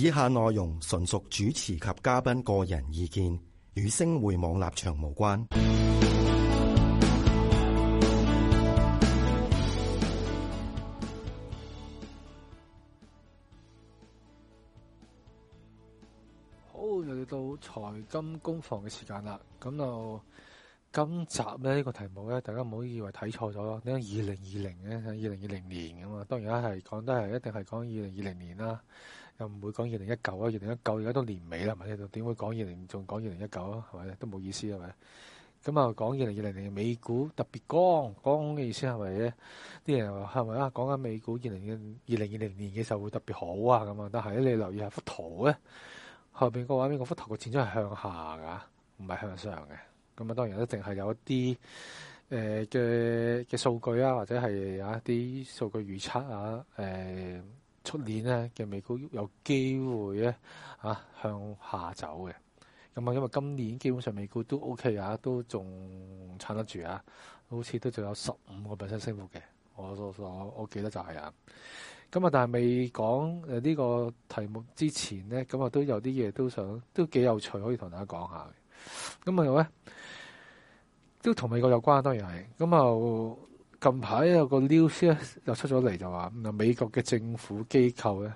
以下內容純屬主持及嘉賓個人意見，與星匯網立場無關。好，又嚟到財金工房嘅時間啦。咁就今集咧呢個題目咧，大家唔好以為睇錯咗，點解二零二零咧，二零二零年噶嘛。當然係講得係一定係講二零二零年啦。又唔會講二零一九啊，二零一九而家都年尾啦，咪呢度點會講二零，仲講二零一九啊，係咪？都冇意思，係咪？咁啊，講二零二零年美股特別光，光嘅意思係咪咧？啲人話係咪啊？講緊美股二零二零二零年嘅時候會特別好啊，咁啊，但係你留意下幅圖咧，後面個話邊個幅圖嘅錢都係向下㗎，唔係向上嘅。咁啊，當然一定係有一啲誒嘅嘅數據啊，或者係有一啲數據預測啊，呃出年呢，嘅美股有機會咧、啊、嚇向下走嘅，咁啊，因為今年基本上美股都 OK 啊，都仲撐得住啊，好似都仲有十五個 percent 升幅嘅，我都我我記得就係啊，咁啊，但係未講誒呢個題目之前呢，咁啊都有啲嘢都想都幾有趣可以同大家講下，咁啊又咧都同美國有關當然係，咁啊。近排有個 news 咧，又出咗嚟就話，嗱，美國嘅政府機構咧，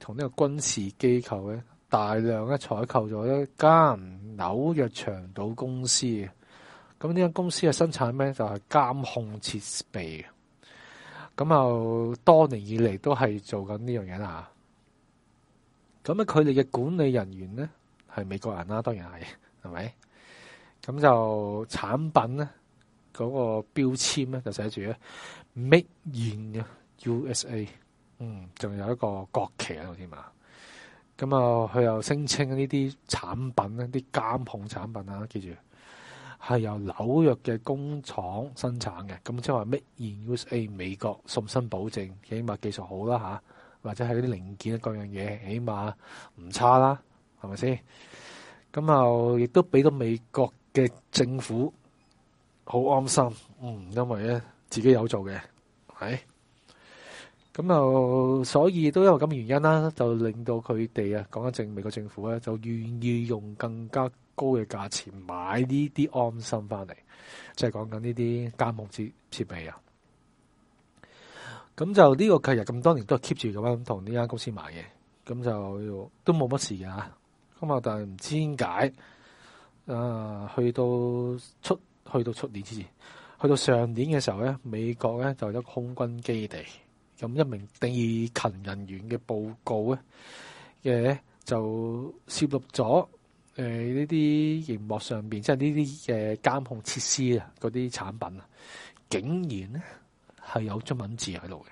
同呢個軍事機構咧，大量咧採購咗一間紐約長島公司嘅。咁呢間公司嘅生產咩？就係監控設備。咁又多年以嚟都係做緊呢樣嘢啦。咁啊，佢哋嘅管理人員咧係美國人啦，當然係，係咪？咁就產品咧。嗰個標籤咧就寫住咧，Made in USA，嗯，仲有一個國旗喺度添。嘛，咁啊，佢又聲稱呢啲產品咧，啲監控產品啊，記住係由紐約嘅工廠生產嘅，咁即係話 Made in USA，美國信心保證，起碼技術好啦嚇、啊，或者係啲零件各樣嘢，起碼唔差啦，係咪先？咁啊，亦都俾到美國嘅政府。好安心，嗯，因為咧自己有做嘅，係咁就所以都因為咁嘅原因啦，就令到佢哋啊講緊政美國政府咧就願意用更加高嘅價錢買呢啲安心翻嚟，即係講緊呢啲監控設設備啊。咁就呢、這個其實咁多年都 keep 住咁樣同呢間公司買嘢，咁就都冇乜事㗎。咁啊，但係唔知點解去到出。去到出年之前，去到上年嘅時候咧，美國咧就有一個空軍基地，咁一名地勤人員嘅報告咧嘅就攝錄咗誒呢啲熒幕上邊，即係呢啲嘅監控設施啊，嗰啲產品啊，竟然咧係有中文字喺度嘅。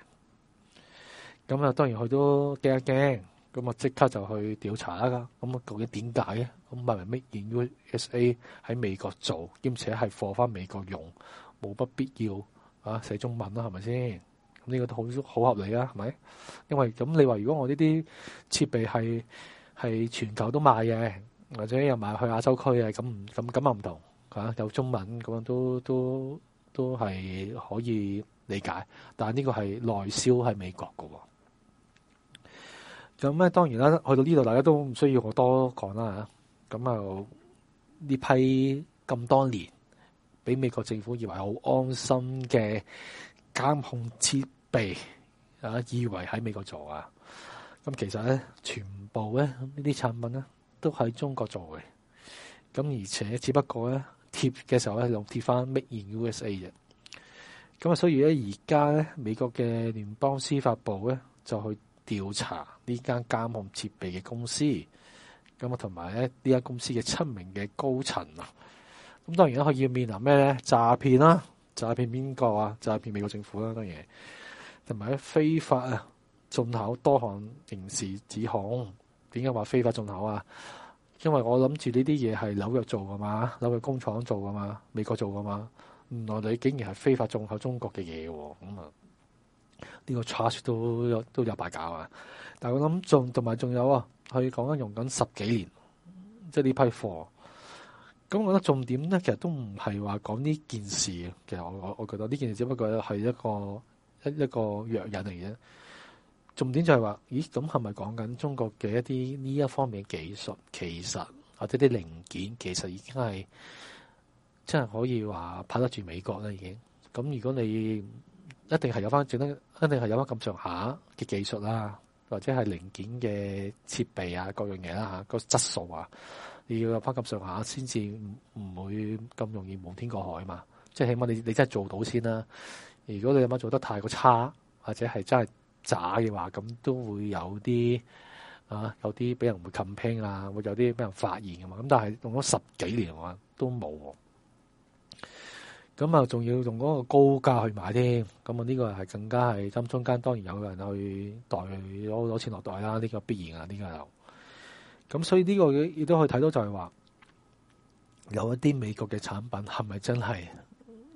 咁啊，當然佢都驚一驚，咁啊即刻就去調查啦。咁啊，究竟點解咧？唔係咪 Made in USA 喺美國做，兼且係貨返美國用，冇不必要啊！寫中文啦，係咪先？呢個都好好合理啊，係咪？因為咁你話如果我呢啲設備係係全球都賣嘅，或者又賣去亞洲區嘅，咁咁咁又唔同嚇、啊，有中文咁樣都都都係可以理解。但呢個係內銷喺美國嘅，咁咩當然啦。去到呢度，大家都唔需要我多講啦嚇。咁啊！呢批咁多年，俾美國政府以為好安心嘅監控設備啊，以為喺美國做啊。咁其實咧，全部咧呢啲產品咧都喺中國做嘅。咁而且，只不過咧貼嘅時候咧用貼翻 Make in USA 啫。咁啊，所以咧而家咧美國嘅聯邦司法部咧就去調查呢間監控設備嘅公司。咁啊，同埋咧呢間公司嘅七名嘅高層啊，咁當然咧佢要面臨咩咧？詐騙啦，詐騙邊個啊？詐騙美國政府啦、啊，當然，同埋咧非法啊進口多項刑事指控。點解話非法進口啊？因為我諗住呢啲嘢係紐約做噶嘛，紐約工廠做噶嘛，美國做噶嘛，原來你竟然係非法進口中國嘅嘢，咁啊！嗯呢個 charge 都有都有白搞啊！但係我諗仲同埋仲有啊，佢講緊用緊十幾年，即係呢批貨。咁我覺得重點咧，其實都唔係話講呢件事。其實我我我覺得呢件事只不過係一個一一個藥引嚟嘅。重點就係話，咦？咁係咪講緊中國嘅一啲呢一方面嘅技術，其實或者啲零件，其實已經係真係可以話拍得住美國啦。已經咁，如果你。一定係有翻整得，一定係有翻咁上下嘅技術啦，或者係零件嘅設備啊，各樣嘢啦嚇，個質素啊，你要有翻咁上下先至唔會咁容易瞞天過海嘛。即係起碼你你真係做到先啦。如果你有咩做得太過差，或者係真係渣嘅話，咁都會有啲啊，有啲俾人會冚拼啊，會有啲俾人發現㗎嘛。咁但係用咗十幾年啊，都冇喎。咁啊，仲要用嗰個高價去買添，咁啊呢個係更加係中間，當然有人去代攞攞錢落袋啦，呢個必然啊，呢個又，咁所以呢個亦都可以睇到就係話，有一啲美國嘅產品係咪真係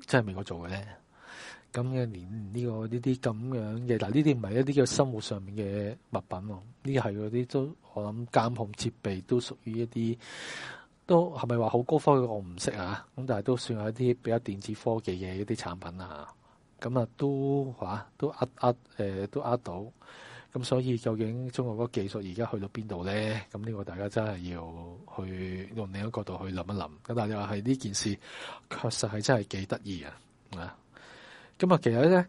真係美國做嘅咧？咁嘅連呢個呢啲咁樣嘅嗱，呢啲唔係一啲嘅生活上面嘅物品喎，呢係嗰啲都我諗監控設備都屬於一啲。都係咪話好高科技嘅？我唔識啊！咁但係都算係一啲比較電子科技嘅一啲產品啊！咁啊都係、啊、都、啊、呃呃誒都呃到咁，所以究竟中國嗰技術而家去到邊度咧？咁呢個大家真係要去用另一個角度去諗一諗。咁但係又話係呢件事確實係真係幾得意啊！啊咁啊，其實咧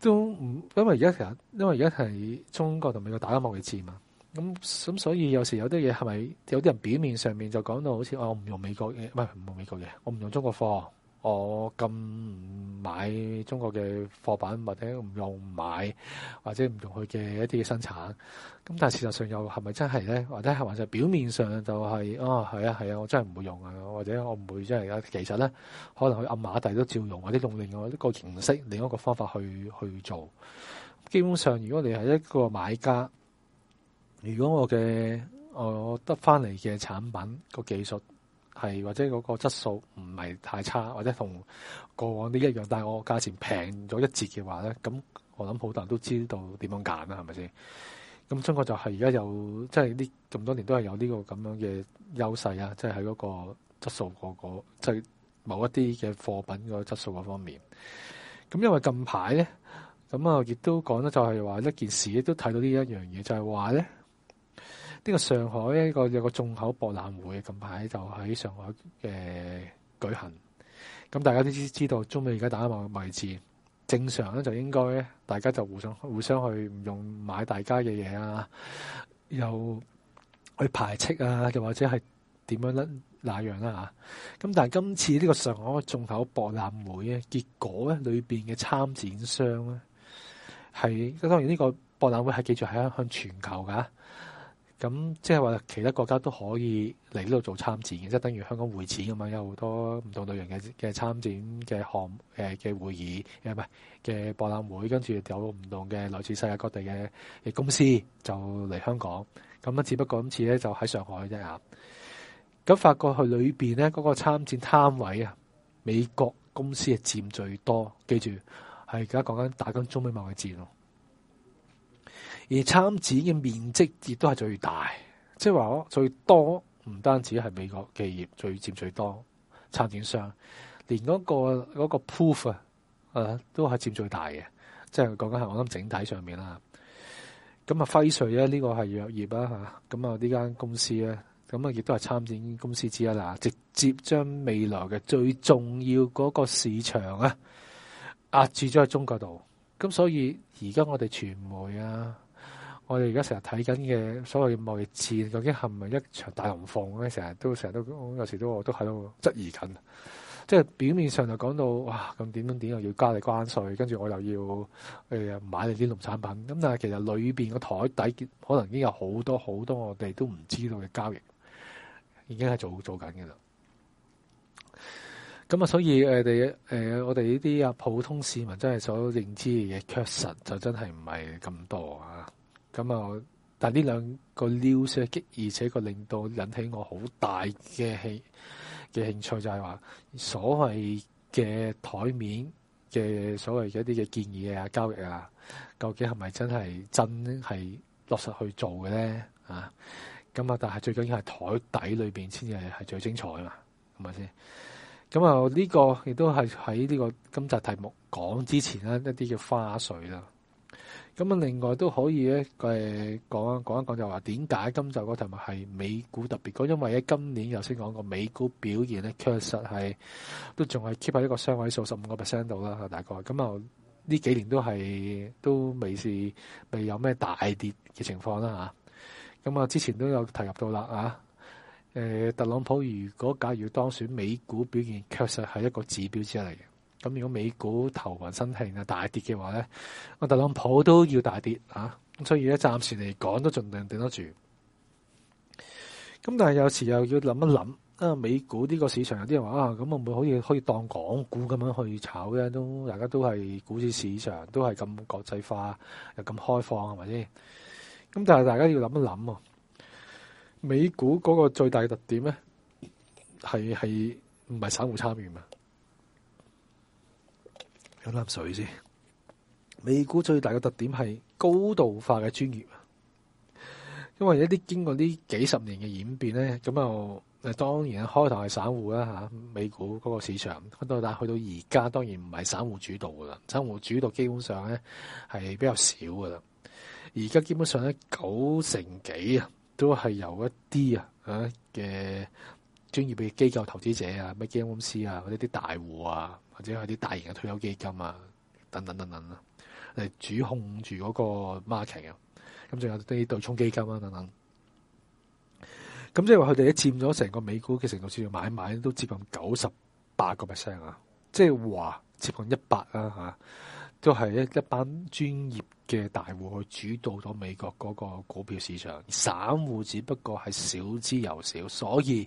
都唔因為而家其實因為而家係中國同美國打緊貿易戰嘛。咁咁，所以有時有啲嘢係咪有啲人表面上面就講到好似、哦、我唔用美國嘅，唔係唔用美國嘅，我唔用中國貨，我咁唔買中國嘅貨品，或者唔用買，或者唔用佢嘅一啲生產。咁但係事實上又係咪真係咧？或者係還是表面上就係、是哦、啊？係啊係啊，我真係唔會用啊，或者我唔會真係啊。其實咧，可能佢暗啞底都照用，或者用另外一個形式、另外一個方法去去做。基本上，如果你係一個買家。如果我嘅我得翻嚟嘅產品個技術係或者嗰個質素唔係太差，或者同過往啲一樣，但係我價錢平咗一截嘅話咧，咁我諗好多人都知道點樣揀啦，係咪先？咁中國就係而家有即係呢咁多年都係有呢個咁樣嘅優勢啊，即係喺嗰個質素嗰個即係某一啲嘅貨品個質素嗰方面。咁因為近排咧，咁啊亦都講得就係話一件事，亦都睇到呢一樣嘢，就係話咧。呢個上海一個有個眾口博覽會，近排就喺上海嘅舉行。咁大家都知知道，中美而家打緊個位置正常咧，就應該大家就互相互相去唔用買大家嘅嘢啊，又去排斥啊，又或者係點樣咧、啊？那樣啦吓。咁但係今次呢個上海眾口博覽會咧，結果咧，裏面嘅參展商咧，係當然呢個博覽會係記住係向全球噶。咁即係話，其他國家都可以嚟呢度做參展，即係等於香港會展咁啊！有好多唔同類型嘅嘅參展嘅項，嘅、呃、會議，唔係嘅博覽會，跟住有唔同嘅來自世界各地嘅公司就嚟香港。咁啊，只不過今次咧就喺上海啫啊！咁發覺佢裏邊咧嗰、嗰個參展攤位啊，美國公司啊佔最多。記住，係而家講緊打緊中美貿易戰咯。而參展嘅面積亦都係最大，即係話最多唔單止係美國企業最佔最多參展商，連嗰、嗰個 proof、嗰個、啊，啊都係佔最大嘅。即係講緊係我諗整體上面啦。咁啊，輝瑞咧呢、呢個係藥業啦嚇，咁啊呢間公司咧，咁啊亦都係參展公司之一啦。直接將未來嘅最重要嗰個市場啊壓住咗喺中國度，咁所以而家我哋傳媒啊～我哋而家成日睇緊嘅所謂嘅貿易戰，究竟係唔係一場大龍放鳳咧？成日都成日都有時都我都喺度質疑緊。即係表面上就講到哇，咁點點點又要加你關稅，跟住我又要誒、呃、買你啲農產品。咁但係其實裏面個台底可能已經有好多好多我哋都唔知道嘅交易，已經係做做緊嘅啦。咁啊，所以、呃呃、我哋呢啲啊普通市民真係所認知嘅嘢，確實就真係唔係咁多啊。咁啊！但呢兩個 news 激，而且個令到引起我好大嘅興嘅興趣，就係話所謂嘅台面嘅所謂一啲嘅建議啊、交易啊，究竟係咪真係真係落實去做嘅咧？啊！咁啊，但係最緊要係台底裏面先至係最精彩啊嘛，係咪先？咁啊，呢個亦都係喺呢個今集題目講之前咧一啲嘅花絮啦。咁啊，另外都可以咧，誒講一講一講就話點解今集嗰題目係美股特別？嗰因為咧今年頭先講過，美股表現咧確實係都仲係 keep 喺一個雙位數十五個 percent 度啦，大概。咁啊，呢幾年都係都未是未有咩大跌嘅情況啦吓，咁啊，之前都有提及到啦吓，誒特朗普如果假如當選，美股表現確實係一個指標之一嚟嘅。咁如果美股頭暈身興啊大跌嘅話咧，我特朗普都要大跌，咁所以咧暫時嚟講都盡量頂得住。咁但係有時又要諗一諗啊，美股呢個市場有啲人話啊，咁會唔會可以可以當港股咁樣去炒嘅？都大家都係股市市場都係咁國際化又咁開放係咪先？咁但係大家要諗一諗啊，美股嗰個最大特點咧係係唔係散戶參與嘛？攞粒水先。美股最大嘅特點係高度化嘅專業，因為一啲經過呢幾十年嘅演變咧，咁又誒，當然開頭係散戶啦吓，美股嗰個市場，但去到而家，當然唔係散戶主導噶啦，散戶主導基本上咧係比較少噶啦，而家基本上咧九成幾啊，都係由一啲啊誒嘅。專業嘅機構投資者啊，咩基金公司啊，或者啲大戶啊，或者係啲大型嘅退休基金啊，等等等等啦，嚟主控住嗰個 market 嘅，咁仲有啲對沖基金啊，等等。咁即係話佢哋佔咗成個美股嘅程度，市場買賣都接近九十八個 percent 啊，即係話接近一百啦吓，都係一一班專業嘅大戶去主導咗美國嗰個股票市場，散戶只不過係少之又少，所以。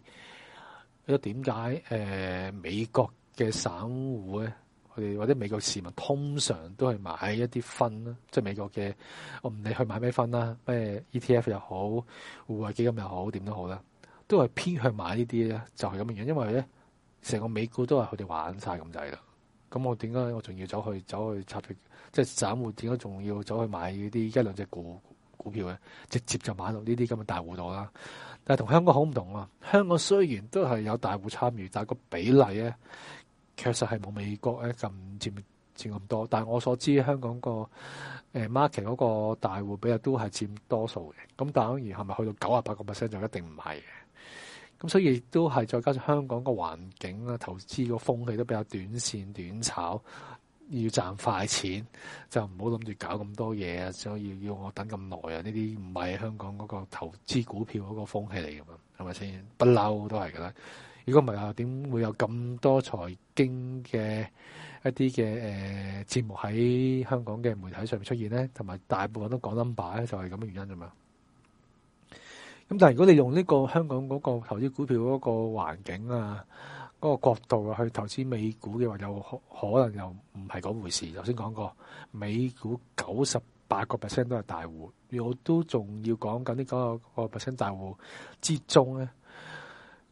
點解？誒、呃，美國嘅散戶咧，佢哋或者美國市民通常都係買一啲分啦，即係美國嘅，我唔理去買咩分啦，咩 ETF 又好，互惠基金又好，點都好啦，都係偏向買呢啲咧，就係咁嘅樣。因為咧，成個美股都係佢哋玩晒咁滯啦，咁我點解我仲要走去走去插別，即係散戶點解仲要走去買呢啲一兩隻股？股票嘅直接就買到呢啲咁嘅大戶度啦，但係同香港好唔同啊！香港雖然都係有大戶參與，但個比例咧，確實係冇美國咧咁佔佔咁多。但我所知香港個誒 market 嗰個大戶比例都係佔多數嘅。咁當然係咪去到九十八個 percent 就一定唔係嘅？咁所以亦都係再加上香港個環境啦，投資個風氣都比較短線短炒。要賺快錢，就唔好諗住搞咁多嘢啊！所以要我等咁耐啊？呢啲唔係香港嗰個投資股票嗰個風氣嚟嘅嘛？係咪先？不嬲都係㗎啦。如果唔係啊，點會有咁多財經嘅一啲嘅誒節目喺香港嘅媒體上面出現呢？同埋大部分都講 number 咧，就係咁嘅原因啫嘛。咁但係如果你用呢個香港嗰個投資股票嗰個環境啊～嗰個角度啊，去投資美股嘅話，又可能又唔係嗰回事。頭先講過，美股九十八個 percent 都係大戶，我都仲要講緊呢嗰個 percent 大戶之中咧。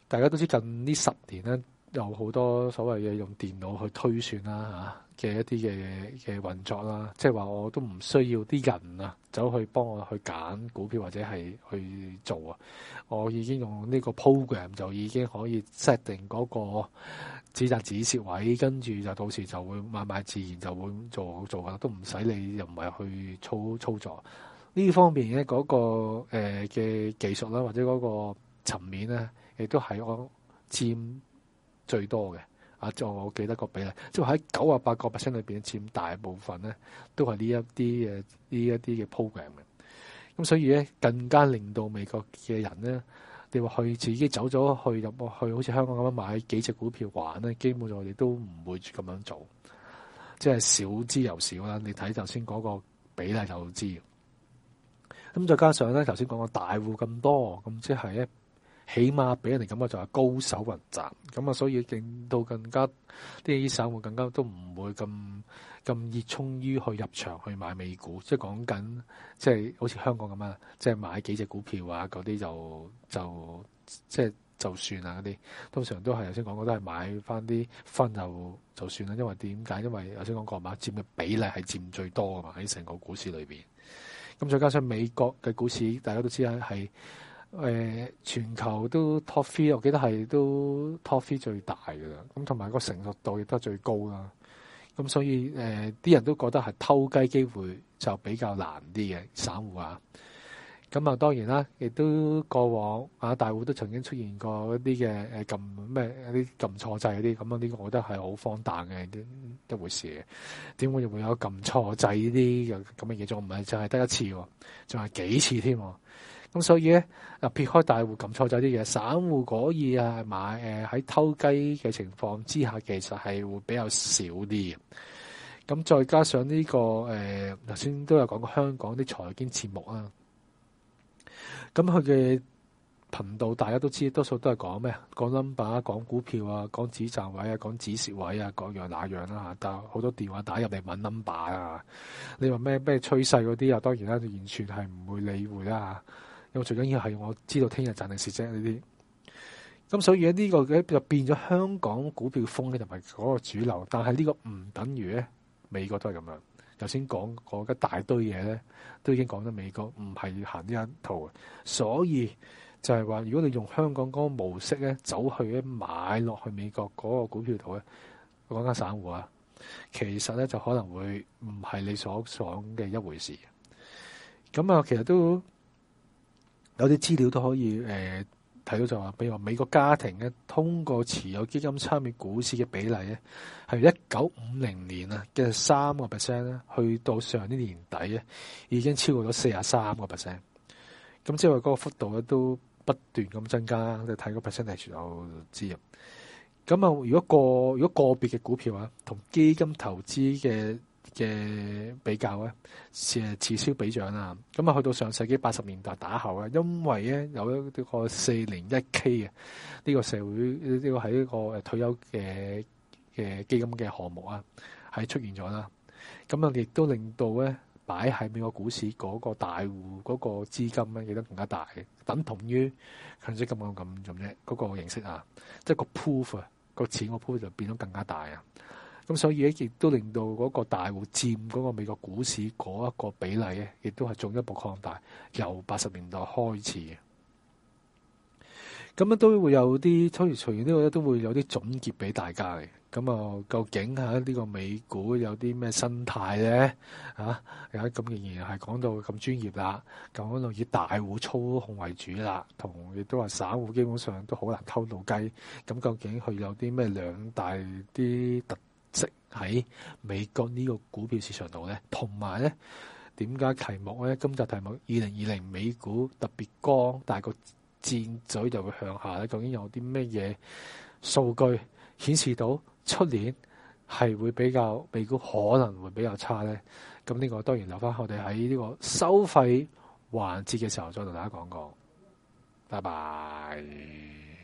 大家都知近呢十年咧。有好多所謂嘅用電腦去推算啦吓嘅一啲嘅嘅運作啦，即係話我都唔需要啲人啊走去幫我去揀股票或者係去做啊，我已經用呢個 program 就已經可以 set 定嗰個止賺止蝕位，跟住就到時就會買賣自然就會做做啦，都唔使你又唔係去操操作呢方面咧嗰、嗰個嘅、呃、技術啦，或者嗰個層面咧，亦都係我佔。最多嘅啊，就我記得個比例，即係喺九十八個 percent 裏邊，裡面佔大部分咧，都係呢一啲嘅呢一啲嘅 program 嘅。咁所以咧，更加令到美國嘅人咧，你話去自己走咗去入去，去好似香港咁樣買幾隻股票玩咧，基本上我哋都唔會咁樣做，即係少之又少啦。你睇頭先嗰個比例就知。咁再加上咧，頭先講個大戶咁多，咁即係咧。起碼俾人哋感覺就係、是、高手雲集，咁啊，所以令到更加啲散戶更加都唔會咁咁熱衷於去入場去買美股，即係講緊即係好似香港咁啊，即係買幾隻股票啊嗰啲就就即係就算啊嗰啲，通常都係頭先講過，都係買翻啲分就就算啦。因為點解？因為頭先講過嘛，佔嘅比例係佔最多嘛，喺成個股市裏面。咁再加上美國嘅股市，大家都知啊，係。誒、呃、全球都 top three，我記得係都 top three 最大嘅啦。咁同埋個成熟度亦都係最高啦。咁所以誒，啲、呃、人都覺得係偷雞機會就比較難啲嘅，散戶啊。咁啊，當然啦，亦都過往啊，大戶都曾經出現過一啲嘅誒撳咩啲撳錯掣嗰啲咁樣啲，呢個我覺得係好荒誕嘅一一回事嘅。點會會有撳錯掣呢啲咁嘅嘢？仲唔係淨係得一次喎？仲係幾次添？咁所以咧，啊撇開大戶撳錯走啲嘢，散戶可以啊買喺、呃、偷雞嘅情況之下，其實係會比較少啲。咁再加上呢、這個誒，頭先都有講過香港啲財經節目啊。咁佢嘅頻道大家都知，多數都係講咩？講 number，講股票啊，講止賺位啊，講止蝕位啊，各樣那樣啦嚇。但好多電話打入嚟問 number 啊，你話咩咩趨勢嗰啲啊，當然啦，完全係唔會理會啦、啊最緊要係我知道聽日賺定蝕啫。呢啲咁，所以呢呢個就變咗香港股票風咧，同埋嗰個主流。但係呢個唔等於咧，美國都係咁樣。頭先講過一大堆嘢咧，都已經講咗美國唔係要行呢一套。所以就係話，如果你用香港嗰個模式咧，走去咧買落去美國嗰個股票度咧，我講緊散戶啊，其實咧就可能會唔係你所想嘅一回事。咁啊，其實都。有啲資料都可以誒睇、呃、到，就話，比如話美國家庭咧，通過持有基金參與股市嘅比例咧，係一九五零年啊嘅三個 percent 咧，去到上年年底咧，已經超過咗四十三個 percent。咁即係話嗰個幅度咧，都不斷咁增加。你睇個 percentage 持有資入。咁啊，如果個如果個別嘅股票啊，同基金投資嘅。嘅比較咧，是係此消彼長啦。咁啊，去到上世紀八十年代打後咧，因為咧有一個四零一 K 嘅呢個社會呢、呢個係一個退休嘅嘅基金嘅項目啊，係出現咗啦。咁啊，亦都令到咧擺喺美國股市嗰個大戶嗰個資金咧，亦都更加大，等同於強積金咁咁咁啫。嗰、嗰個形式啊，即係個 pool 啊，個錢個 pool 就變咗更加大啊。咁所以咧，亦都令到嗰個大戶佔嗰個美國股市嗰一個比例咧，亦都係進一步擴大。由八十年代開始嘅，咁都會有啲隨除隨呢個咧，初而初而都會有啲總結俾大家嘅。咁啊，究竟喺呢個美股有啲咩生態咧？咁、啊、仍然係講到咁專業啦，咁我以大戶操控為主啦，同亦都話散戶基本上都好難偷到雞。咁究竟佢有啲咩兩大啲特？即喺美國呢個股票市場度呢，同埋呢點解題目呢？今集題目二零二零美股特別光，但係個箭嘴就會向下。究竟有啲咩嘢數據顯示到出年係會比較美股可能會比較差呢？咁呢個當然留翻我哋喺呢個收費環節嘅時候再同大家講講。拜拜。